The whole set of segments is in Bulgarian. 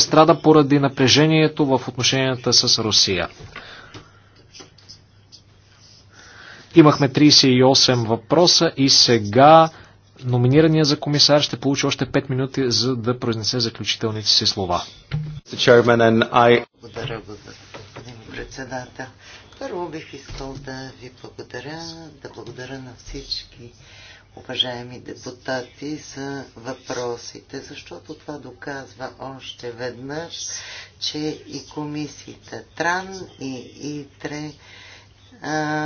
страда поради напрежението в отношенията с Русия. Имахме 38 въпроса и сега номинирания за комисар ще получи още 5 минути, за да произнесе заключителните си слова. Благодаря, господин председател. Първо бих искал да ви благодаря, да благодаря на всички уважаеми депутати, за въпросите, защото това доказва още веднъж, че и комисията Тран и ИТРЕ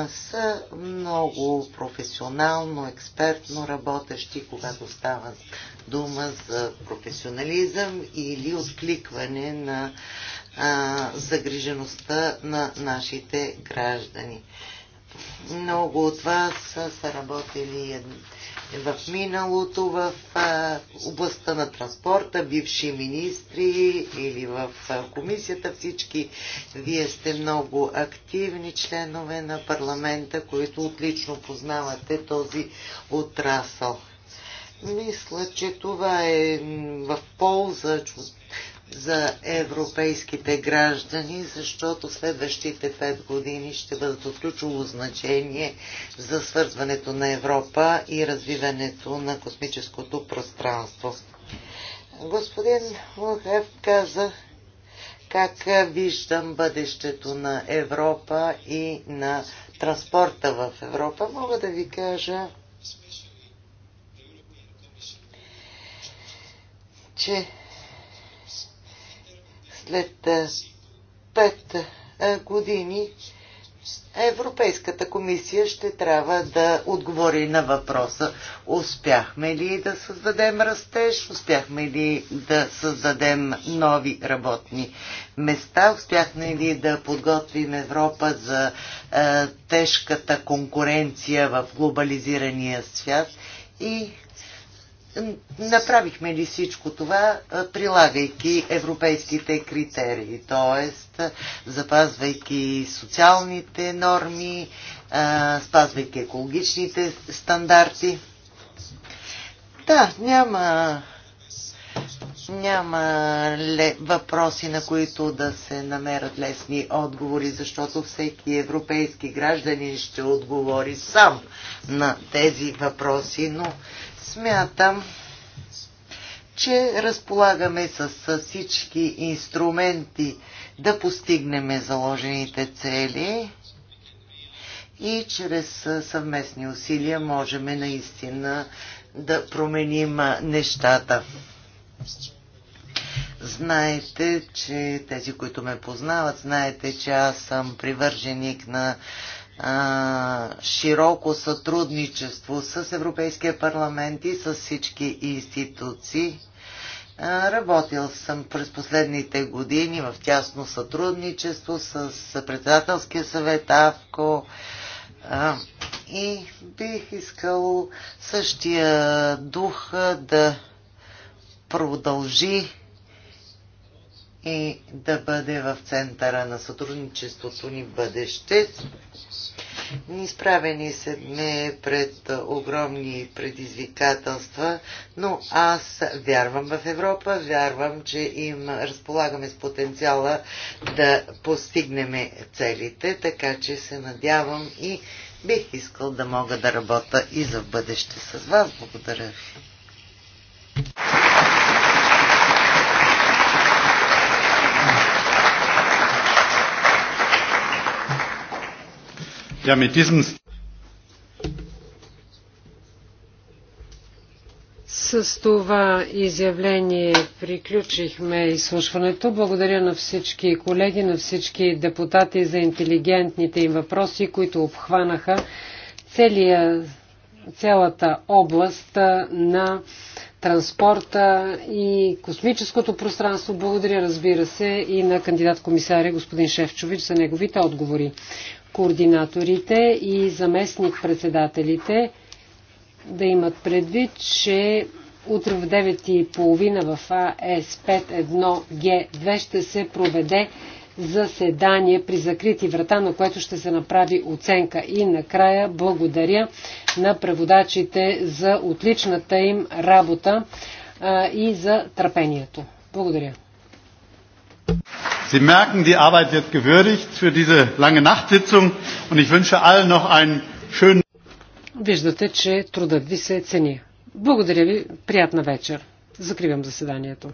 са много професионално, експертно работещи, когато става дума за професионализъм или откликване на а, загрижеността на нашите граждани. Много от вас са работили в миналото в областта на транспорта, бивши министри или в комисията всички. Вие сте много активни членове на парламента, които отлично познавате този отрасъл. Мисля, че това е в полза за европейските граждани, защото следващите пет години ще бъдат от ключово значение за свързването на Европа и развиването на космическото пространство. Господин Лухев каза как виждам бъдещето на Европа и на транспорта в Европа. Мога да ви кажа, че след пет години Европейската комисия ще трябва да отговори на въпроса успяхме ли да създадем растеж, успяхме ли да създадем нови работни места, успяхме ли да подготвим Европа за е, тежката конкуренция в глобализирания свят и Направихме ли всичко това, прилагайки европейските критерии, т.е. запазвайки социалните норми, спазвайки екологичните стандарти? Да, няма, няма ле, въпроси, на които да се намерят лесни отговори, защото всеки европейски гражданин ще отговори сам на тези въпроси, но Смятам, че разполагаме с, всички инструменти да постигнем заложените цели и чрез съвместни усилия можем наистина да променим нещата. Знаете, че тези, които ме познават, знаете, че аз съм привърженик на а, широко сътрудничество с Европейския парламент и с всички институции. А, работил съм през последните години в тясно сътрудничество с Председателския съвет АВКО а, и бих искал същия дух да продължи и да бъде в центъра на сътрудничеството ни бъдеще. Изправени се дне пред огромни предизвикателства, но аз вярвам в Европа, вярвам, че им разполагаме с потенциала да постигнем целите, така че се надявам и бих искал да мога да работя и за бъдеще с вас. Благодаря ви. Ja, mit diesem С това изявление приключихме изслушването. Благодаря на всички колеги, на всички депутати за интелигентните им въпроси, които обхванаха целия, цялата област на транспорта и космическото пространство. Благодаря, разбира се, и на кандидат-комисаря господин Шевчович за неговите отговори. Координаторите и заместник-председателите да имат предвид, че утре в 9.30 в АС51Г2 ще се проведе заседание при закрити врата, на което ще се направи оценка. И накрая благодаря на преводачите за отличната им работа а, и за търпението. Благодаря. Sie merken, die Arbeit wird gewürdigt für diese lange Nachtsitzung und ich wünsche allen noch einen schönen. Виждате, че трудът ви се цени. Благодаря ви, приятна вечер. Закривам заседанието.